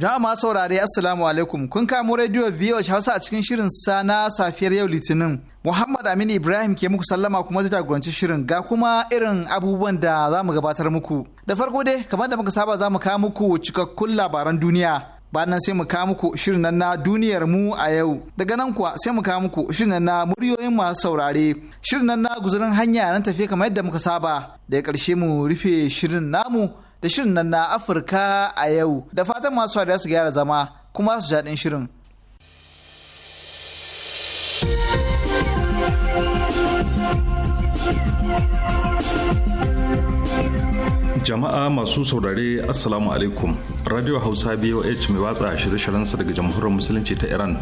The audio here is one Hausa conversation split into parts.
Jama'a saurare Assalamu alaikum kun kamo rediyo VOH Hausa a cikin shirin sa na safiyar yau Litinin. Muhammad Aminu Ibrahim ke muku sallama kuma zai jagoranci shirin ga kuma irin abubuwan da za mu gabatar muku. Da farko dai kamar da muka saba za mu kawo muku cikakkun labaran duniya. Bayan sai mu kawo muku shirin na duniyar mu a yau. Daga nan kuwa sai mu kawo muku shirin na muryoyin masu saurare. Shirin na guzurin hanya na tafiya kamar yadda muka saba. ya ƙarshe mu rufe shirin namu da shirin nan na Afirka a yau da fatan masu da su gyara zama kuma su jaɗin shirin. Jama'a masu saurare Assalamu alaikum Radio Hausa BOH mai watsa shirye-shiryensa daga Jamhuriyar Musulunci ta Iran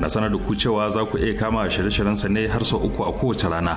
na sanar da ku cewa za ku iya kama shirye-shiryensa ne har sau uku a kowace rana.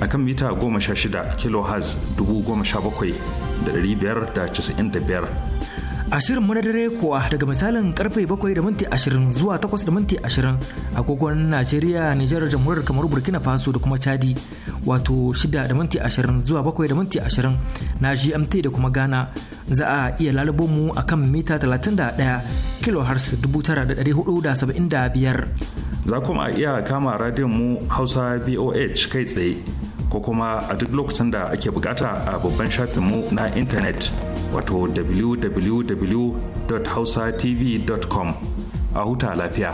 a kan mita 16 kilohertz 17,595 ashirin mu na dare kuwa daga misalin karfe 7 da minti zuwa 8 da minti agogon Najeriya, Nijar, Jamhuriyar Kamaru, Burkina Faso da kuma Chadi wato 6 da minti 20 zuwa 7 da minti na GMT da kuma Ghana za a iya lalubo mu a kan mita 31 kilohertz 9,475 za kuma a iya kama radiyon mu hausa voh kai tsaye ko kuma a duk lokacin da ake bukata a babban shafin mu na intanet wato www.hausatv.com a huta lafiya.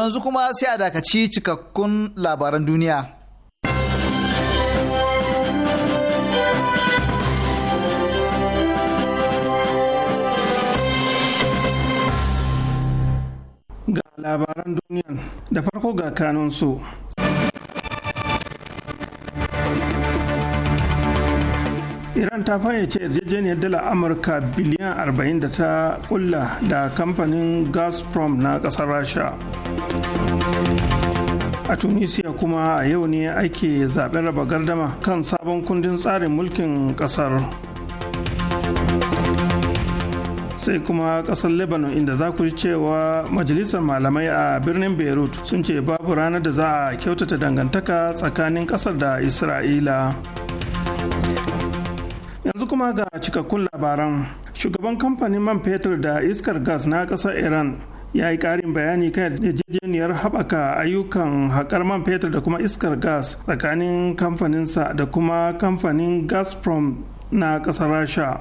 yanzu kuma sai a dakaci cikakkun labaran duniya. Ga labaran duniyan da farko ga kanunsu. iran ta fayyace yarjejeniyar dala amurka biliyan 40 da ta kulla da kamfanin gazprom na kasar rasha a tunisia kuma a yau ne ake zaben raba gardama kan sabon kundin tsarin mulkin kasar sai kuma kasar lebanon inda za ku ji cewa majalisar malamai a birnin beirut sun ce babu ranar da za a kyautata dangantaka tsakanin kasar da isra'ila kuma ga cikakkun labaran shugaban kamfanin man fetur da iskar gas na ƙasar iran ya yi ƙarin bayani kan yarjejeniyar haɓaka ayyukan haƙar man fetur da kuma iskar gas tsakanin kamfaninsa da kuma kamfanin gazprom na ƙasar rasha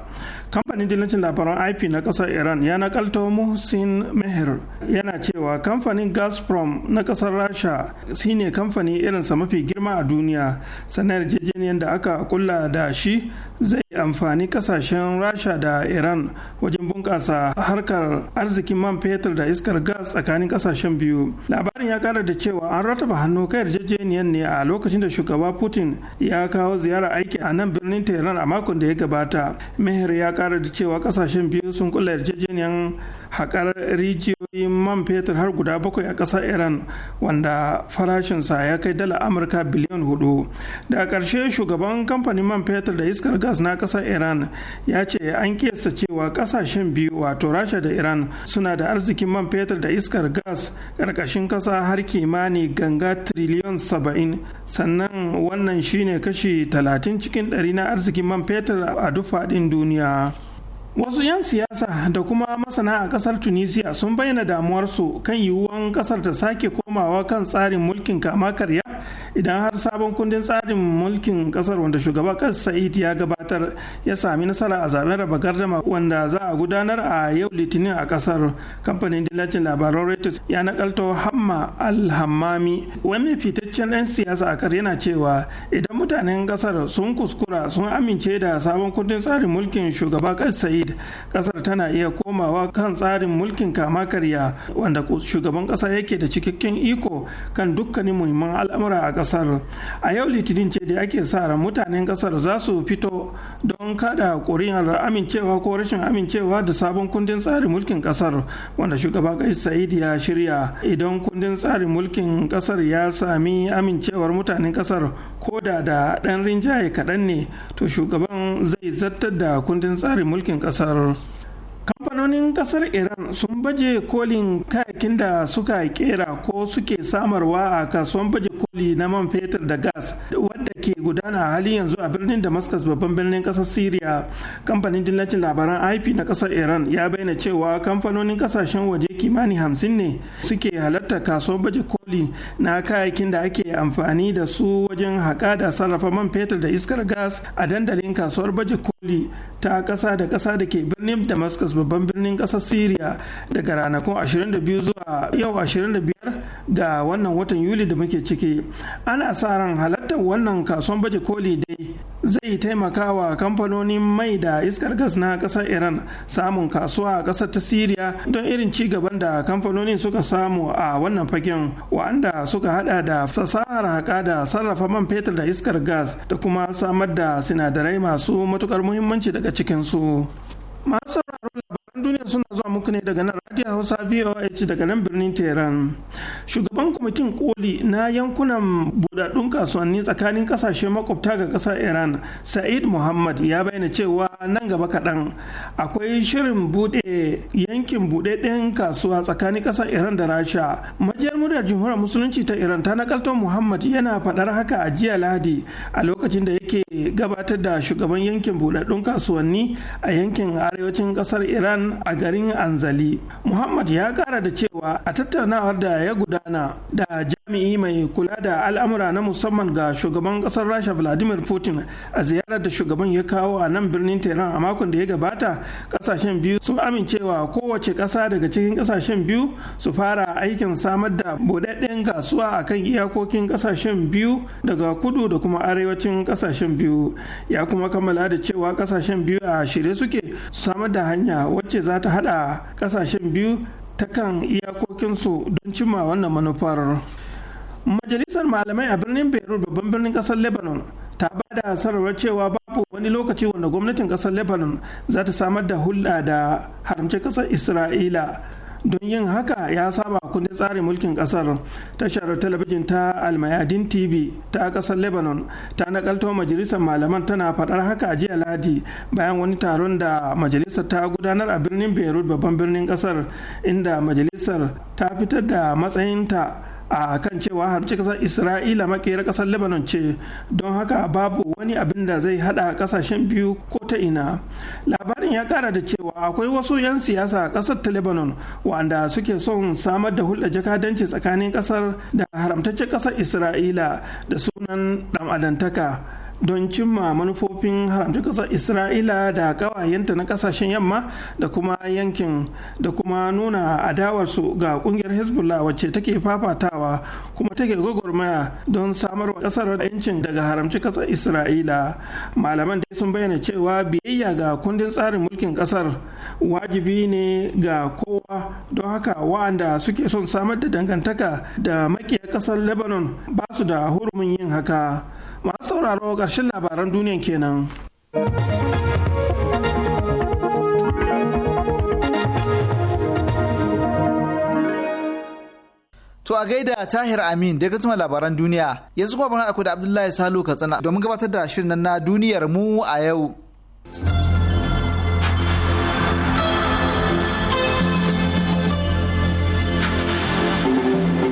kamfanin dillancin labaran ip na kasar iran ya nakalto muhsin meher yana cewa kamfanin gazprom na kasar rasha shine kamfani irinsa mafi girma a duniya sanar yarjejeniyar da aka kulla da shi zai amfani kasashen rasha da iran wajen bunkasa harkar arzikin man fetur da iskar gas tsakanin kasashen biyu labarin ya kara da cewa an rataba hannu kai yarjejeniyar ne a lokacin da shugaba putin ya kawo ziyara aiki a nan birnin tehran a makon da ya gabata meher ya kara da cewa kasashen biyu sun kula yarjejeniyar haƙar rijiyoyin man fetur har guda bakwai a ƙasar iran wanda farashinsa ya kai dala amurka biliyan hudu da ƙarshe shugaban kamfanin man fetur da iskar gas na ƙasar iran ya ce an kiyasta cewa ƙasashen biyu wato rasha da iran suna da arzikin man fetur da iskar gas ƙarƙashin ƙasa har kimani ganga tiriliyon saba'in sannan wannan shine kashi talatin cikin ɗari na arzikin man fetur a duk faɗin duniya. wasu 'yan siyasa da kuma masana a kasar tunisia sun bayyana damuwarsu kan yiwuwan kasar ta sake komawa kan tsarin mulkin kama karya idan har sabon kundin tsarin mulkin kasar wanda shugaba kasar sa'id ya gabata gabatar ya sami nasara a zaben raba gardama wanda za a gudanar a yau litinin a kasar kamfanin dillacin labaran reuters ya nakalto hamma alhammami wani fitaccen ɗan siyasa a kar yana cewa idan mutanen kasar sun kuskura sun amince da sabon kundin tsarin mulkin shugaba kais sa'id kasar tana iya komawa kan tsarin mulkin kama karya wanda shugaban kasa yake da cikakken iko kan dukkanin muhimman al'amura a kasar a yau litinin ce da ake sa ran mutanen kasar za su fito don kada ƙuri'ar amincewa ko rashin amincewa da sabon kundin tsarin mulkin ƙasar wanda shugaba kai sa'id ya shirya idan kundin tsarin mulkin ƙasar ya sami amincewar mutanen ƙasar ko da da ɗan rinjaye kaɗan ne to shugaban zai zartar da kundin tsarin mulkin ƙasar kamfanonin kasar iran sun baje kolin kayakin da suka kera ko suke samarwa a kasuwan baje koli na man fetur da gas wadda ke gudana a halin yanzu a birnin damascus babban birnin kasar syria kamfanin dillacin labaran ip na kasar iran ya bayyana cewa kamfanonin kasashen waje kimani hamsin ne suke halarta kasuwan baje koli na kayakin da ake amfani da su wajen haƙa da sarrafa man fetur da iskar gas a dandalin kasuwar baje koli ta kasa da kasa da ke birnin damascus babban birnin ƙasar syria daga ranakun 22 zuwa yau 25 ga wannan watan yuli da muke ciki ana sa ran halartar wannan kasuwan baje koli dai zai taimaka wa kamfanonin mai da iskar gas na ƙasar iran samun kasuwa a ƙasar ta syria don irin ci gaban da kamfanonin suka samu a wannan fagen wa'anda suka hada da fasahar haƙa da sarrafa man fetur da iskar gas da kuma samar da sinadarai masu matukar muhimmanci daga cikinsu. su duniya suna zuwa muku ne daga nan Radio Hausa VOH daga nan birnin Tehran. Shugaban kwamitin koli na yankunan budadun kasuwanni tsakanin kasashe makwabta ga kasar Iran, Sa'id Muhammad ya bayyana cewa nan gaba kaɗan akwai shirin bude yankin buɗaɗɗen kasuwa tsakanin kasar Iran da Rasha. Majiyar muryar Jamhuriyar Musulunci ta Iran ta nakaltar Muhammad yana faɗar haka a jiya Lahadi a lokacin da yake gabatar da shugaban yankin buɗaɗɗun kasuwanni a yankin arewacin ƙasar Iran a garin hanzali muhammad ya kara da cewa a tattaunawar da ya gudana da jami'i mai kula da al'amura na musamman ga shugaban kasar rasha vladimir putin a ziyarar da shugaban ya kawo a nan birnin tehran a makon da ya gabata kasashen biyu sun amincewa kowace kasa daga cikin kasashen biyu su fara aikin samar da buɗaɗɗen kasuwa a kan iyakokin kasashen biyu daga kudu da kuma arewacin kasashen biyu ya kuma kammala da cewa kasashen biyu a shirye suke su samar da hanya wacce za ta hada Ƙasashen kasashen biyu ta kan iyakokinsu don cimma wannan manufar majalisar malamai a birnin beirut babban birnin kasar lebanon ta ba da sanarwar cewa babu wani lokaci wanda gwamnatin kasar lebanon za ta samar da hulɗa da haramcin kasar isra'ila don yin haka ya saba kundin tsarin mulkin kasar tashar talabijin ta almayadin tv ta kasar lebanon ta nakalto majalisar malaman tana faɗar haka jiya ladi bayan wani taron da majalisar ta gudanar a birnin beirut babban birnin kasar inda majalisar ta fitar da matsayinta a kan cewa harci kasar isra'ila makera kasar lebanon ce don haka babu wani abin da zai hada kasashen biyu ko ta ina labarin ya kara da cewa akwai wasu 'yan siyasa a kasar ta lebanon wanda suke son samar da hulɗa jakadanci tsakanin kasar da haramtaccen kasar isra'ila da sunan ɗan adantaka don cimma manufofin haramta ƙasar isra'ila da ƙawayenta na ƙasashen yamma da kuma yankin da kuma nuna adawarsu ga ƙungiyar hezbollah wacce take fafatawa kuma take gwagwarmaya don samar wa ƙasar yancin daga haramci ƙasar isra'ila malaman dai sun bayyana cewa biyayya ga kundin tsarin mulkin ƙasar wajibi ne ga kowa don haka wa'anda suke son samar da dangantaka da makiya ƙasar lebanon ba su da hurumin yin haka masu sauraro ƙarshen labaran duniyan kenan. To a gaida Tahir Amin da ya labaran duniya yanzu kuma bana ku da Abdullahi Salu Katsina domin gabatar da shirin nan na duniyar mu a yau.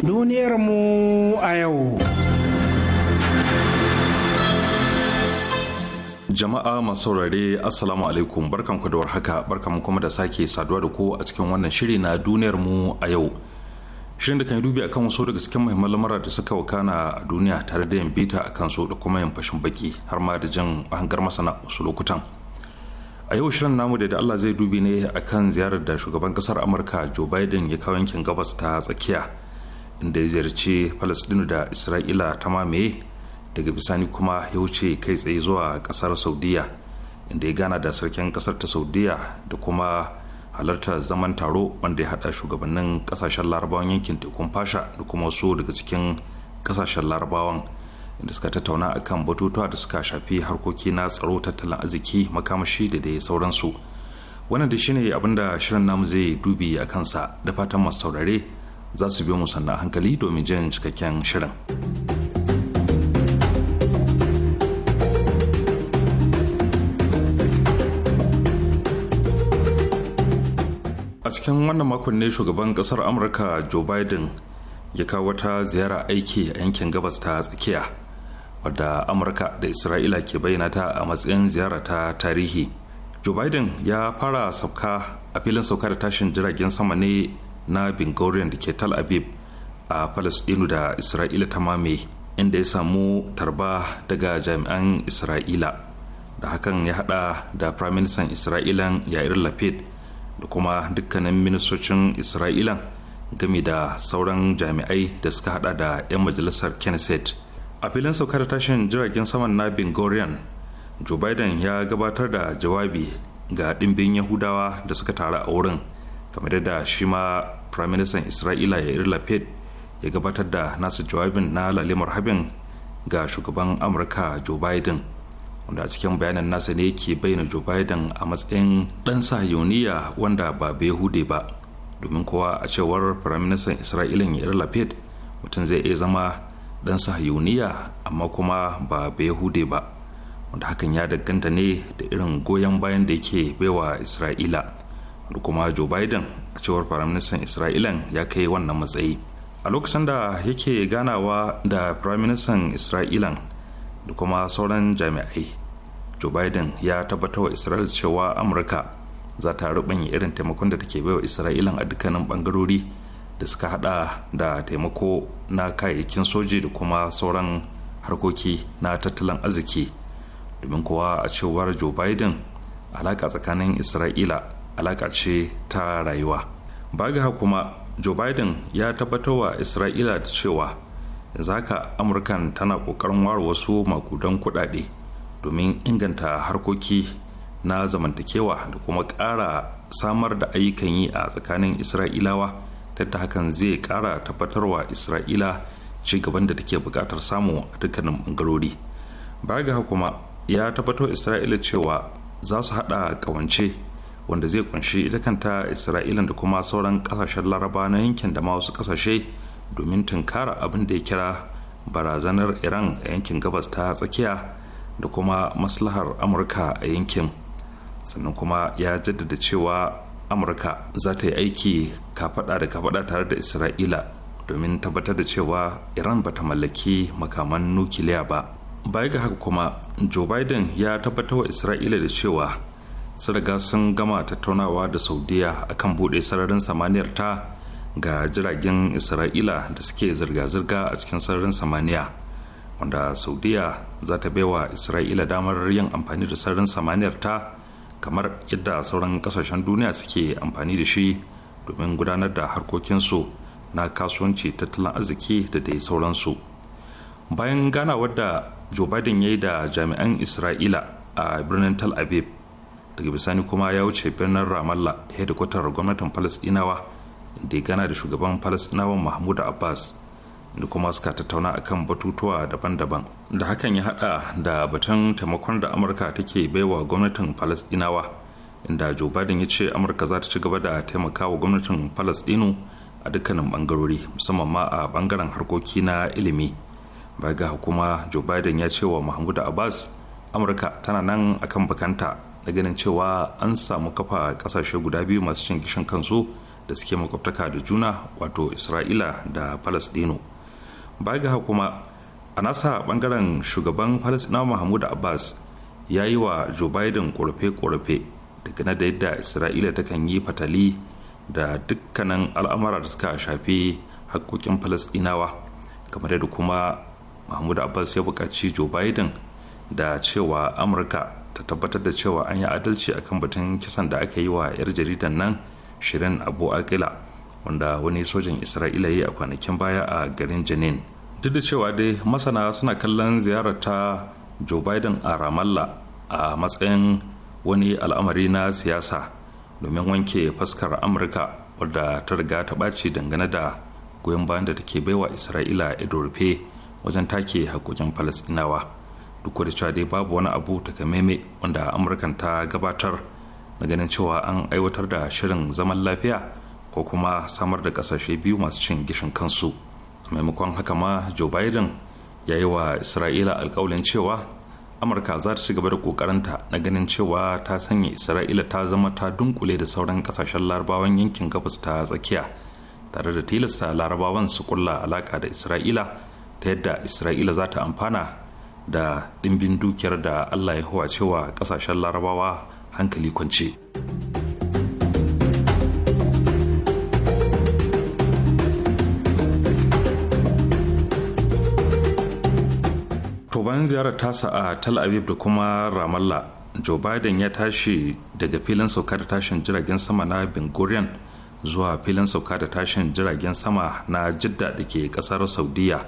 Duniyar mu a yau. Jama'a masu saurare Assalamu alaikum ku da warhaka mu kuma da sake saduwa da ku a cikin wannan shiri na duniyar mu a yau. Shirin da kan yi dubi akan wasu daga cikin muhimman lamura da suka wakana a duniya tare da yin bita a kansu da kuma yin fashin baki har ma da jin hangar masana wasu lokutan. A yau shirin namu da Allah zai dubi ne akan ziyarar da shugaban kasar Amurka Joe Biden ya kawo yankin gabas ta tsakiya inda ya ziyarci falastinu da Isra'ila ta mamaye daga bisani kuma ya wuce kai tsaye zuwa kasar saudiya inda ya gana da sarkin kasar ta saudiya da kuma halartar zaman taro wanda ya hada shugabannin kasashen larabawan yankin tekun fasha da kuma wasu daga cikin kasashen larabawan inda suka tattauna akan batutuwa da suka shafi harkoki na tsaro tattalin arziki makamashi da dai sauransu wannan da shine abin da shirin namu zai dubi a kansa da fatan masu saurare za su biyo mu sannan hankali domin jin cikakken shirin. cikin wannan makon ne shugaban kasar amurka joe biden ya kawo wata ziyara aiki a yankin gabas ta tsakiya wadda amurka da isra'ila ke bayyana ta a matsayin ziyara ta tarihi joe biden ya fara sauka a filin sauka da tashin jiragen sama ne na bingorian da ke tal aviv a palestinu da isra'ila ta mame inda ya samu tarba daga jami'an isra'ila da hakan ya hada da firaministan isra'ilan yair lapid da kuma dukkanin ministocin isra'ila game da sauran jami'ai da suka hada da 'yan majalisar kenset. a filin saukar tashin jiragen saman na bingorian joe biden ya gabatar da jawabi ga ɗimbin yahudawa da suka taru a wurin kamar da shi ma firaministan isra'ila ya lapid ya gabatar da nasa jawabin na lalimar habin ga shugaban amurka joe biden wanda a cikin bayanin nasa ne ke bayyana joe biden a matsayin ɗan sahiyoniya wanda ba behude ba domin kowa a cewar firaministan isra'ilin yair lapid mutum zai iya zama ɗan sahiyoniya amma kuma ba behude ba wanda hakan ya danganta ne da irin goyon bayan da yake baiwa isra'ila wanda kuma joe biden a cewar firaministan isra'ilan ya kai wannan matsayi a lokacin da yake ganawa da firaministan isra'ilan da kuma sauran jami'ai joe biden ya tabbatar wa isra'il cewa amurka za ta irin taimakon da take baiwa isra'ilan a dukkanin bangarori da suka hada da taimako na kayayyakin soji da kuma sauran harkoki na tattalin arziki domin kowa a cewar joe biden alaka tsakanin isra'ila alaka ce ta rayuwa baga kuma joe biden ya tabbatar wa isra'ila da cewa zaka amurkan tana kokarin ware wasu makudan kudade domin inganta harkoki na zamantakewa da kuma ƙara samar da ayyukan yi a tsakanin isra'ilawa ta hakan zai ƙara tabbatarwa isra'ila ci gaban da take buƙatar samu a dukkanin bangarori baya ga kuma ya tabbatar isra'ila cewa za su haɗa kawance wanda zai kunshi ita kanta isra'ila da kuma sauran kasashen laraba na yankin da ma wasu ƙasashe domin tunkara abin da ya kira barazanar iran a yankin gabas ta tsakiya da kuma maslahar amurka a yankin sannan kuma ya jaddada cewa amurka za ta yi aiki kafada da kafada tare da isra'ila domin tabbatar da cewa iran ba ta mallaki makaman nukiliya ba baya ga haka kuma joe biden ya tabbatar wa isra'ila da cewa su riga sun gama tattaunawa da saudiya akan buɗe sararin samaniyar ta ga jiragen isra'ila da suke zirga-zirga a cikin sararin samaniya wanda saudiya za ta baiwa isra'ila damar yin amfani da sararin samaniyar ta kamar yadda sauran kasashen duniya suke amfani da shi domin gudanar da harkokinsu na kasuwanci tattalin arziki da dai sauransu bayan ganawar da joe biden ya yi da jami'an isra'ila a birnin tal aviv daga bisani kuma ya wuce birnin ramallah hedikwatar gwamnatin falasdinawa da ya gana da shugaban falasinawan mahmud abbas da kuma suka tattauna akan batutuwa daban-daban da hakan ya hada da batun taimakon da amurka take baiwa gwamnatin falasɗinawa inda joe biden ya ce amurka za ta ci gaba da taimakawa gwamnatin falasɗinu a dukkanin bangarori musamman ma a bangaren harkoki na ilimi baya ga kuma joe biden ya ce wa mahmud abbas amurka tana nan akan bakanta da ganin cewa an samu kafa kasashe guda biyu masu cin gishin kansu da suke makwabtaka da juna wato isra'ila da palestino baya ga kuma a nasa bangaren shugaban palestinawa mahmud abbas ya yi wa joe biden korafe-korafe na da yadda isra'ila kan yi fatali da dukkanin al'amara da suka shafi hakkokin palestinawa kamar yadda kuma mahmud abbas ya buƙaci joe biden da cewa amurka ta tabbatar da cewa an yi adalci akan batun kisan da aka yi wa 'yar jaridan nan shirin abu akila wanda wani sojan isra'ila ya yi a kwanakin baya a garin janin duk da cewa dai masana suna kallon ziyarar ta joe biden a ramallah a matsayin wani al'amari na siyasa domin wanke fuskar amurka wadda ta riga ta ɓaci dangane da goyon bayan da take baiwa isra'ila ido rufe wajen take hakokin falastinawa duk da cewa dai babu wani abu takamaime wanda amurkan ta gabatar na ganin cewa an aiwatar da shirin zaman lafiya ko kuma samar da kasashe biyu masu cin gishin kansu maimakon haka ma joe biden ya yi wa isra'ila alkawalin cewa amurka za ta ci gaba da kokarinta na ganin cewa ta sanya isra'ila ta zama ta dunkule da sauran kasashen larabawan yankin gabas ta tsakiya tare da tilasta larabawan su kulla alaka da isra'ila ta yadda isra'ila za ta amfana da dimbin dukiyar da allah ya cewa kasashen larabawa hankali kwance to bayan ziyarar tasa a tel aviv da kuma ramallah joe biden ya tashi daga filin sauka da tashin jiragen sama na ben gurion zuwa filin sauka da tashin jiragen sama na jidda da ke kasar saudiya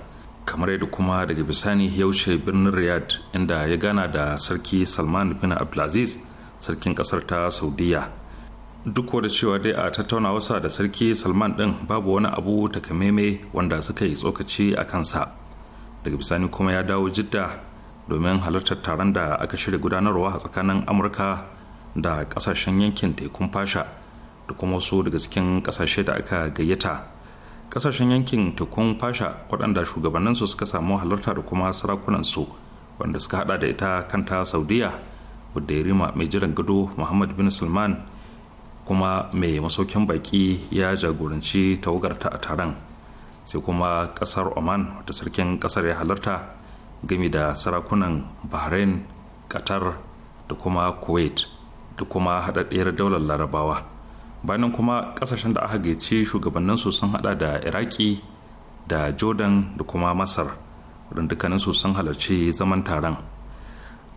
kamar yadda kuma daga bisani ya wuce birnin riyadh inda ya gana da sarki salman bin abdulaziz sarkin kasar ta saudiya duk da cewa dai a tattauna wasa da sarki salman din babu wani abu kameme wanda suka yi tsokaci a kansa daga bisani kuma ya dawo jidda domin halartar taron da aka shirya gudanarwa a tsakanin amurka da kasashen yankin tekun fasha da kuma wasu daga cikin kasashe da aka gayyata kasashen yankin tekun fasha waɗanda shugabanninsu suka samu halarta da kuma sarakunansu wanda suka hada da ita kanta saudiya wadda ya rima mai jiran gado muhammad bin sulman kuma mai masaukin baki ya jagoranci tawagarta a taron sai kuma kasar oman wata sarkin kasar ya halarta gami da sarakunan bahrain qatar da kuma kuwait da kuma haɗaɗɗiyar daular larabawa bayan kuma ƙasashen da aka gaice shugabanninsu sun hada da iraki da jordan da kuma masar dukkaninsu sun halarci zaman taron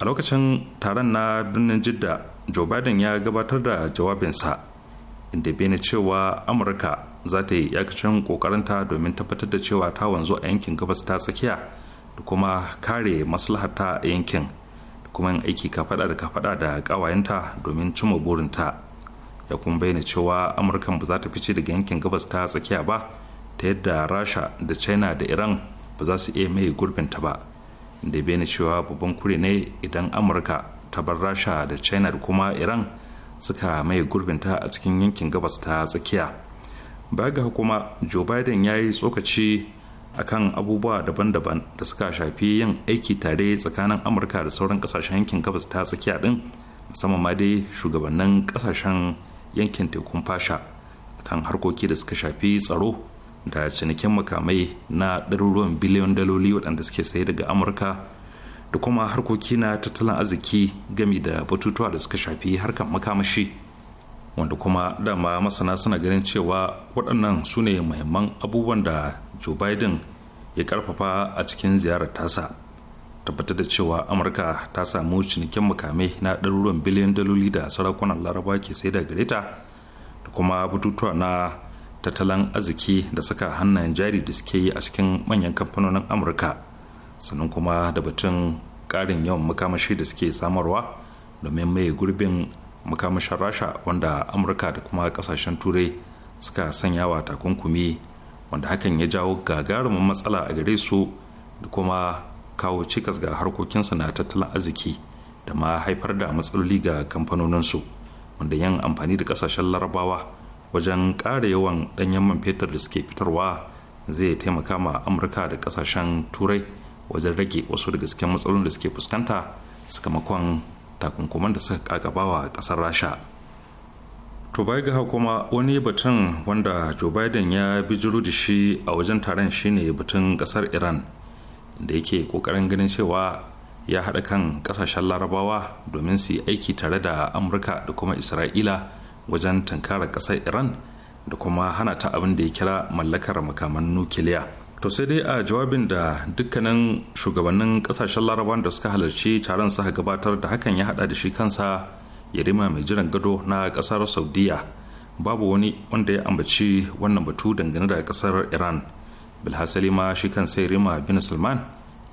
a lokacin taron na birnin jidda joe biden ya gabatar da jawabinsa inda bene cewa amurka za ta yi yakacin kokarinta domin tabbatar da cewa ta wanzu a yankin gabas ta tsakiya da kuma kare maslahata a yankin da kuma yin aiki kafada da kafada da kawayenta domin cimma burinta ya kuma bayyana cewa amurka ba za ta fice daga yankin gabas ta tsakiya ba ta yadda rasha da china da iran ba za su iya mai gurbinta ba da bene cewa babban kure ne idan amurka ta bar rasha da china da kuma iran suka mai gurbinta a cikin yankin gabas ta tsakiya baya ga kuma joe biden ya yi tsokaci akan abubuwa daban-daban da suka shafi yin aiki tare tsakanin amurka da sauran kasashen yankin gabas ta tsakiya din musamman ma dai shugabannin kasashen yankin tekun fasha kan harkoki da suka shafi tsaro da cinikin makamai na ɗaruruwan biliyon daloli waɗanda suke saye daga amurka da kuma harkoki na tattalin arziki gami da batutuwa da suka shafi harkar makamashi wanda kuma dama masana suna ganin cewa waɗannan su ne muhimman abubuwan da joe biden ya karfafa a cikin ziyarar tasa tabbatar da cewa amurka ta samu cinikin makamai na ɗaruruwan biliyan daloli da sarakunan laraba ke sai da gareta da kuma batutuwa na tattalin arziki da suka hannayen jari da suke yi a cikin manyan kamfanonin amurka sannan kuma da batun karin yawan makamashi da suke samarwa domin mai gurbin makamashin rasha wanda amurka da kuma kasashen turai suka sanya wa takunkumi wanda hakan ya jawo gagarumin matsala a gare su da kuma kawo cikas ga harkokinsu na tattalin arziki da ma haifar da matsaloli ga kamfanoninsu wanda yin amfani da kasashen larabawa wajen ƙara yawan ɗanyen man fetur da suke fitarwa zai taimaka ma amurka da ƙasashen turai wajen rage wasu daga cikin matsalolin da suke fuskanta sakamakon takunkuman da suka kagabawa ƙasar rasha to bai ga kuma wani batun wanda joe biden ya bijiro da shi a wajen taron shine batun ƙasar iran da yake ƙoƙarin ganin cewa ya haɗa kan ƙasashen larabawa domin su yi aiki tare da amurka da kuma isra'ila wajen tankara kasar iran da kuma hana ta abin da ya kira mallakar makaman nukiliya to sai dai a jawabin da dukkanin shugabannin kasashen larabawan da suka halarci taron suka gabatar da hakan ya hada da shi kansa yarima mai jiran gado na kasar saudiya babu wani wanda ya ambaci wannan batu dangane da kasar iran bilhassali ma shi kan sai rima bin sulman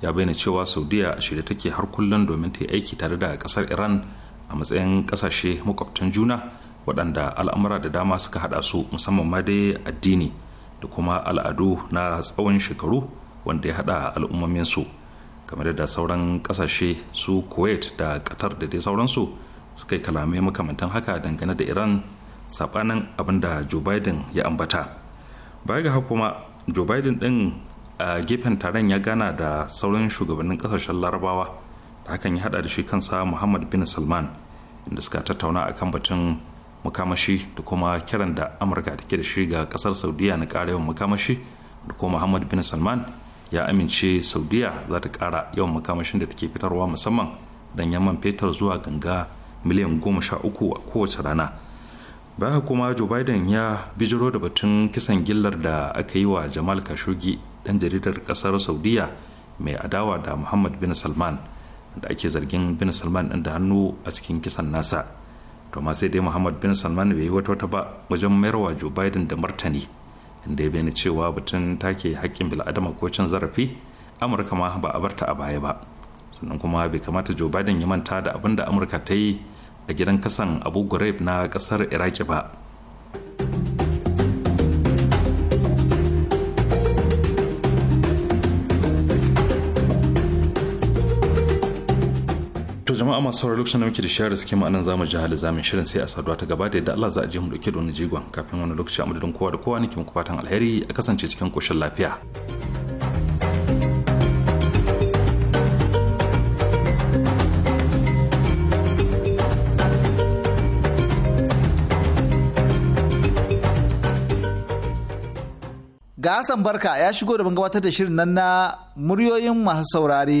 ya bayyana cewa saudiya a shirye take har kullum domin ta yi aiki tare da kasar iran a matsayin kasashe makwabtan juna waɗanda al'amura da dama suka haɗa su musamman ma dai addini da kuma al'adu na tsawon shekaru wanda ya haɗa su kamar da sauran kasashe su kuwait da qatar da dai sauransu suka yi kalamai makamantan haka dangane da iran saɓanin abin da joe biden ya ambata baya ga kuma joe biden ɗin a gefen taron ya gana da sauran shugabannin ƙasashen larabawa da hakan ya haɗa da shi kansa muhammad bin salman inda suka tattauna akan batun makamashi da kuma kiran da amurka take da shi ga kasar saudiya na kara yawan makamashi da kuma muhammad bin salman ya amince saudiya za ta kara yawan makamashin da take fitarwa musamman don yaman fetur zuwa ganga miliyan goma sha uku a kowace rana baya kuma joe biden ya bijiro da batun kisan gillar da aka yi wa jamal khashoggi dan jaridar kasar saudiya mai adawa da muhammad bin salman da ake zargin bin salman ɗin da hannu a cikin kisan nasa to ma sai dai muhammad bin salman bai yi wata wata ba wajen mayarwa joe biden da martani inda ya bayyana cewa batun take hakkin bil'adama ko cin zarafi amurka ma ba a barta a baya ba sannan kuma bai kamata joe biden ya manta da abin da amurka ta yi a gidan kasan abu ghraib na ƙasar iraki ba to jama'a masu sauraro lokacin da muke da shiyar suke ma'anan zamu ji hali zamin shirin sai a saduwa ta gaba da yadda Allah za a je mu dauke da wani jigon kafin wani lokaci a madadin kowa da kowa nake muku fatan alheri a kasance cikin koshin lafiya. ga Hassan Barka ya shigo da gabatar da shirin nan na muryoyin masu saurare.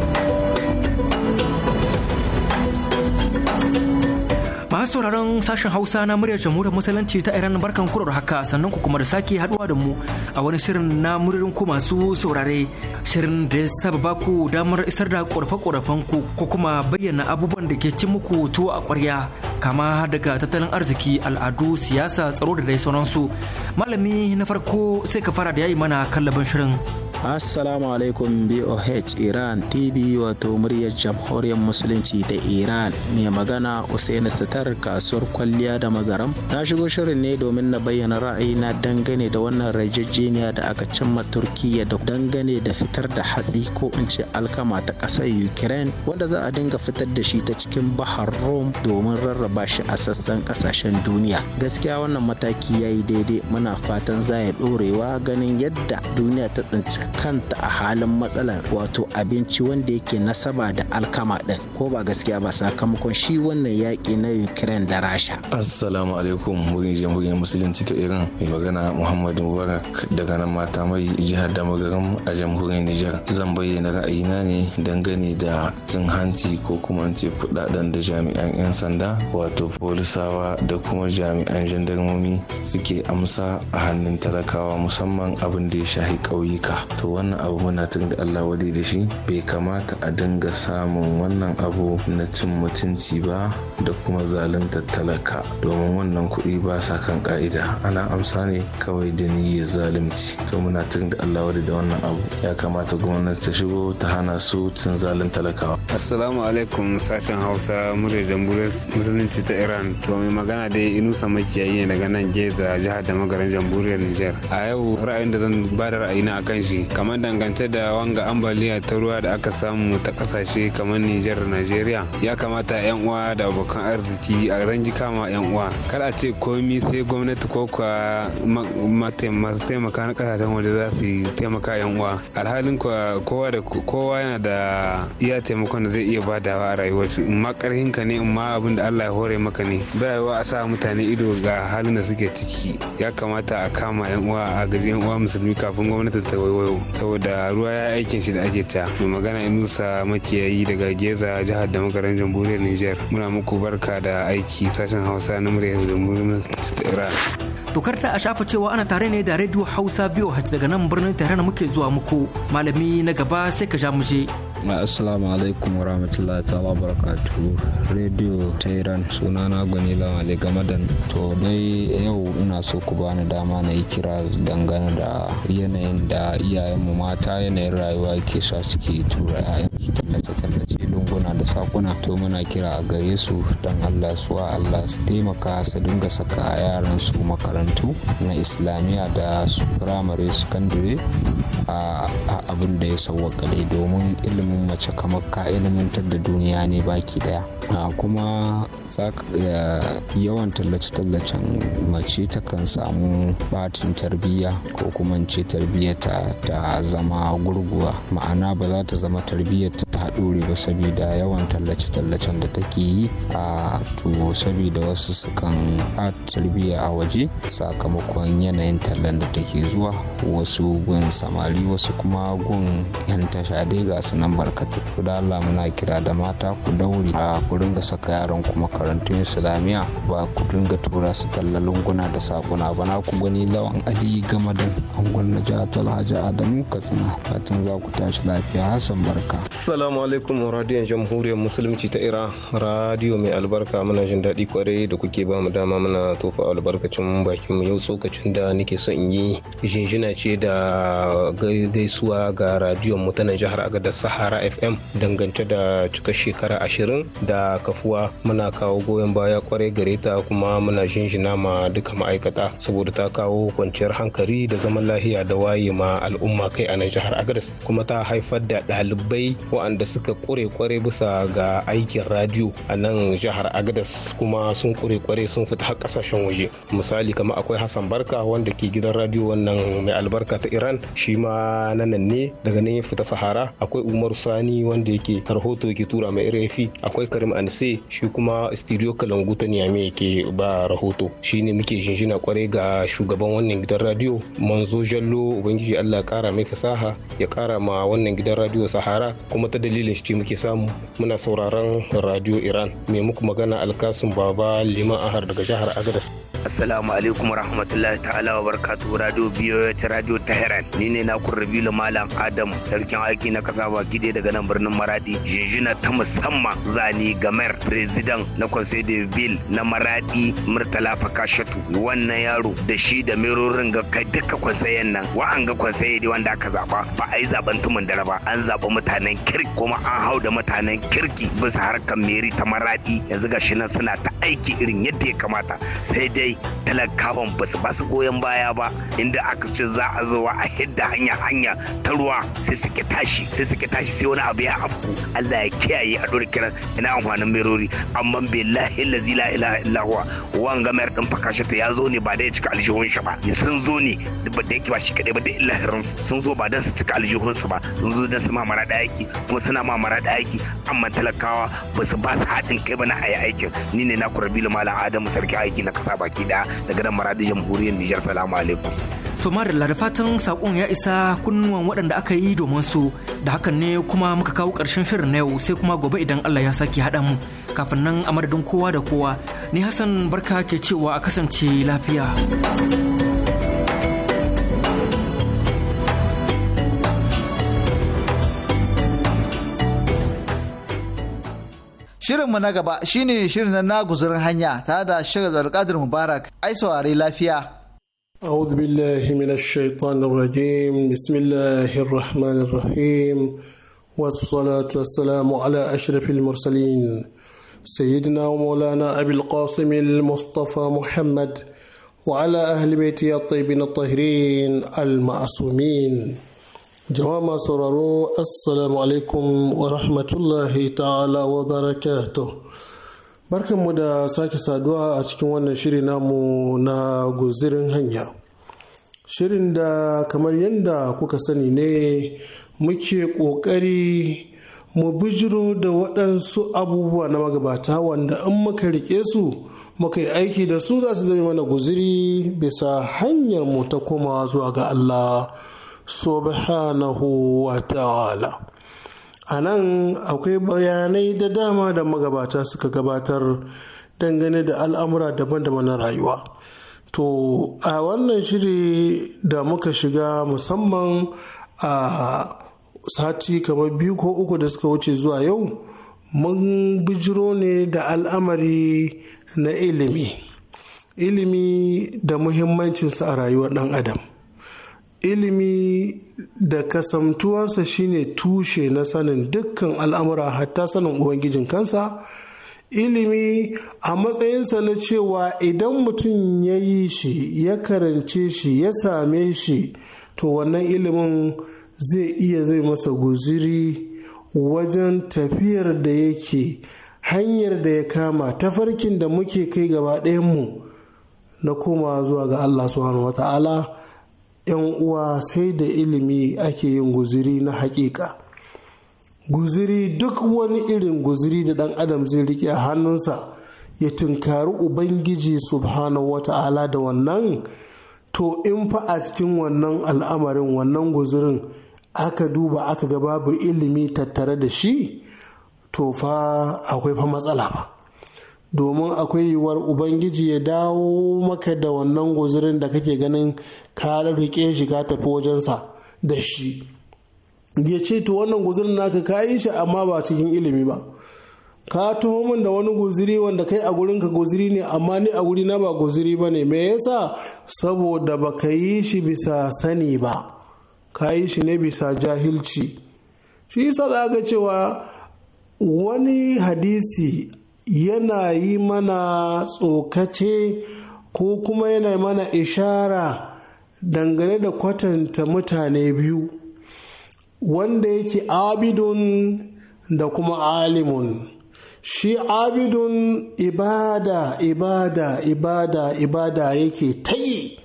masu sauraron sashen hausa na muryar jamhuriyar musulunci ta iran barkan kurar haka sannan ku kuma da sake haduwa da mu a wani shirin na muryoyin ku masu saurare shirin da ya saba ba ku damar isar da korafe-korafen ku ko kuma bayyana abubuwan da ke cin muku tuwo a kwarya kama daga tattalin arziki al'adu siyasa tsaro da dai sauransu malami na farko sai ka fara da ya yi mana kallabin shirin Assalamu alaikum BOH Iran TV wato muryar jamhuriyar musulunci da Iran mai magana Usaini Sitar kasuwar kwalliya da magaram na shigo shirin ne domin na bayyana ra'ayi na dangane da wannan rajajjeniya da aka cimma Turkiyya da dangane da fitar da hatsi ko in ce alkama ta ƙasar Ukraine wanda za a dinga fitar da shi ta cikin Bahar rom domin rarraba shi a sassan ƙasashen duniya. Gaskiya wannan mataki ya yi daidai muna fatan za ya ɗorewa ganin yadda duniya ta tsinci kanta a halin matsalar wato abinci wanda yake nasaba da alkama din ko ba gaskiya ba sakamakon shi wannan yaƙi na ukraine da rasha assalamu alaikum wurin jamhuriyar musulunci ta iran mai magana muhammadu mubarak daga nan mata mai jihar damagaram a jamhuriyar nijar zan bayyana ra'ayina ne dangane da cin hanci ko kuma ce kudaden da jami'an 'yan sanda wato polisawa da kuma jami'an jandarmomi suke amsa a hannun talakawa musamman abin da ya shahi ƙauyuka to wannan abu muna tun da allah wadi da shi bai kamata a dinga samun wannan abu na cin mutunci ba da kuma zalunta talaka domin wannan kuɗi ba sa kan ka'ida ana amsa ne kawai da ni niyyar zalunci to muna tun da allah wadi da wannan abu ya kamata gwamnati ta shigo ta hana su cin zalun talakawa assalamu alaikum sashen hausa murya jamhuriyar musulunci ta iran to mai magana dai inusa makiyayi ne daga nan geza jihar da magaran jamhuriyar niger a yau ra'ayin da zan ba da ra'ayi na akan shi kamar dangance da wanga ambaliya ta ruwa da aka samu ta kasashe kamar Nijar da Najeriya ya kamata 'yan uwa da abokan arziki a rangi kama 'yan uwa kar a ce komi sai gwamnati ko kuwa masu taimaka na kasashen waje za su taimaka 'yan uwa alhalin kowa da kowa yana da iya taimakon da zai iya badawa a rayuwar shi ma karhin ka ne ma abin da Allah ya hore maka ne bayawa a sa mutane ido ga halin da suke ciki ya kamata a kama 'yan uwa a gari 'yan uwa musulmi kafin gwamnati ta waiwayo saboda ruwa ya yi aikin shi da ake ta mai magana inusa makiyayi daga geza jihar da makarar jamhuriyar niger muna muku barka da aiki sashen hausa na muryar jamhuriyar tsira tokar da a shafa cewa ana tare ne da radio hausa biyu daga nan birnin tehran muke zuwa muku malami na gaba sai ka ja muje. assalamu alaikum wa rahmatullahi ta'ala barakatu radio ta iran sunana gwani game gamadan to dai yau ina so ku bani dama na yi kira dangane da yanayin da iyayenmu mata yanayin rayuwa ke sa suke tura su tallace-tallace lunguna da sakuna to muna kira a gare su don allah suwa allah su taimaka su dinga saka yaran su makarantu na islamiyya da su firamare sakandare a abin da ya sauwaka domin ilimin ilimin mace kamar ka ilimantar da duniya ne baki daya kuma yawan tallace-tallacen mace takan samu batin tarbiyya ko kuma ce tarbiyyata ta zama gurguwa ma'ana ba za ta zama tarbiyyata haɗure ba saboda yawan tallace-tallacen da take yi a to saboda wasu sukan a tarbiyya a waje sakamakon yanayin tallan da take zuwa wasu gun samari wasu kuma gun yan tasha dai ga su nan barkatai ku da Allah kira da mata ku daure a ku ringa saka yaran ku makarantun islamiyya ba ku ringa tura su talla lunguna da sakuna ba na ku gani lawan ali game da hangon na jihar Talhaji adamu katsina fatan za ku tashi lafiya hassan barka Assalamu alaikum radiyon jamhuriyar musulunci ta Iran radiyo mai albarka muna jin daɗi kwarai da kuke ba mu dama muna tofa albarkacin bakin mu yau tsokacin da nake son in yi jinjina ce da gaisuwa ga radiyon mu ta nan jihar Agadar Sahara FM dangance da cika shekara ashirin da kafuwa muna kawo goyon baya kwarai gare ta kuma muna jinjina ma duka ma'aikata saboda ta kawo kwanciyar hankali da zaman lahiya da waye ma al'umma kai a nan jihar Agadar kuma ta haifar da ɗalibai waɗanda waɗanda suka ƙure kware bisa ga aikin radio a nan jihar agadas kuma sun kure kware sun fita har ƙasashen waje misali kamar akwai hassan barka wanda ke gidan radio wannan mai albarka ta iran shi ma nan ne daga nan ya fita sahara akwai umar sani wanda yake tarhoto yake tura mai rfi akwai karim anse shi kuma studio kalangu ta niyame yake ba rahoto shi ne muke shinshina kwarai ga shugaban wannan gidan radiyo manzo jallo ubangiji allah ya kara mai fasaha ya kara ma wannan gidan radio sahara kuma ta dalilin shi muke samu muna sauraron radio iran mai muku magana alkasun baba liman ahar daga jihar agadas assalamu alaikum rahmatullahi ta'ala wa barkatu radio biyoyi radio tehran ni ne na kun rabilu malam adam sarkin aiki na kasa baki daga nan birnin maradi jinjina ta musamman zani gamer president na conseil de ville na maradi murtala fakashatu wannan yaro da shi da merorin ga kai duka kwansayen nan wa'an ga kwansaye wanda aka zaba ba a yi zaben tumun dara ba an zaba mutanen kirk kuma an hau da mutanen kirki bisa harkar meri ta maradi yanzu ga shi nan suna ta aiki irin yadda ya kamata sai dai talakawan ba su basu goyon baya ba inda aka ce za a zo a hidda hanya hanya ta ruwa sai suke tashi sai suke tashi sai wani abu ya afku Allah ya kiyaye a dora kiran ina amfanin merori amma billahi lazi la ilaha illa huwa wanga mayar din fakashi ta ya zo ne ba da ya cika aljihun shi ba sun zo ne ba da yake ba shi kadai ba da illahirin sun zo ba dan su cika aljihun su ba sun zo dan su mamara da yaki kuma suna ma mara da aiki amma talakawa ba su ba su haɗin kai ba na ayi aikin ni ne na kurabi malam adamu sarki aiki na kasa baki ɗaya daga nan maradi jamhuriyar nijar salamu alaikum to da fatan saƙon ya isa kunnuwan waɗanda aka yi domin su da hakan ne kuma muka kawo ƙarshen shirin na yau sai kuma gobe idan Allah ya sake haɗa mu kafin nan a madadin kowa da kowa ni Hassan barka ke cewa a kasance lafiya. Shirinmu na gaba shine shirin na guzurin hanya tare da Sheikh Abdulkadir Mubarak. Ai saurare lafiya. أعوذ بالله من الشيطان الرجيم بسم الله الرحمن الرحيم والصلاة والسلام على أشرف المرسلين سيدنا ومولانا أبي القاسم المصطفى محمد وعلى أهل بيته الطيبين الطاهرين المعصومين jama'a masu sauraro assalamu alaikum wa rahmatullahi ta'ala wa barakatuh barkanmu da sake saduwa a cikin wannan shiri namu na guzirin hanya shirin da kamar yadda kuka sani ne muke ƙoƙari mu bijiro da waɗansu abubuwa na magabata wanda in muka riƙe su muka yi aiki da su za su zama mana guziri bisa hanyar mu ta komawa zuwa ga Allah subhanahu wa ta'ala a nan akwai bayanai da dama da magabata suka gabatar dangane da al'amura daban-daban na rayuwa to a wannan shiri da muka shiga musamman a sati kamar biyu ko uku da suka wuce zuwa yau mun bijiro ne da al'amari na ilimi ilimi da muhimmancinsa a rayuwar ɗan adam ilimi da kasamtuwarsa shine tushe na sanin dukkan al'amura hatta sanin ubangijin kansa ilimi a matsayinsa na cewa idan mutum ya yi shi ya karance shi ya same shi to wannan ilimin zai iya zai masa guziri wajen tafiyar da yake hanyar da ya kama tafarkin da muke kai gaba mu na koma zuwa ga allah subhanahu ta'ala 'yan uwa sai da ilimi ake yin guziri na hakika guziri duk wani irin guziri da dan adam zai riƙe a hannunsa ya tunkari ubangiji subhanahu wa ta'ala da wannan to in fa a cikin wannan al'amarin wannan guzirin aka duba aka ga babu ilimi tattare da shi to fa akwai fa matsala ba domin akwai yiwuwar ubangiji ya dawo maka da wannan guzurin da kake ganin ka rike shi ka tafi wajensa da shi ya ce to wannan guzurin naka ka yi shi amma ba cikin ilimi ba ka taho min da wani guziri wanda kai a gurinka guziri ne amma ni a guri na ba guziri ba ne me yasa saboda ba ka yi shi bisa sani ba ka yi shi ne bisa jahilci shi yasa za ga cewa wani hadisi yana yi mana tsokace ko kuma yana mana ishara dangane da kwatanta mutane biyu wanda yake abidun da kuma alimun shi abidun ibada ibada ibada ibada yake ta yi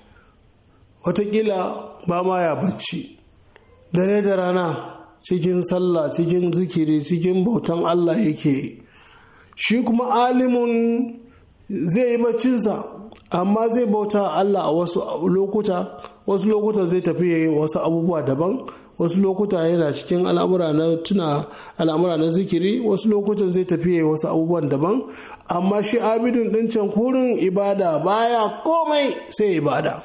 watakila ba ma ya bacci dare da rana cikin sallah cikin zikiri cikin bautan allah yake shi kuma alimun zai yi baccinsa amma zai bauta Allah a wasu lokuta wasu lokuta zai tafi yi wasu abubuwa daban wasu lokuta yana cikin al'amura na tuna al'amura na zikiri wasu lokutan zai tafi yi wasu abubuwan daban amma shi abidun din can kurin ibada baya komai sai ibada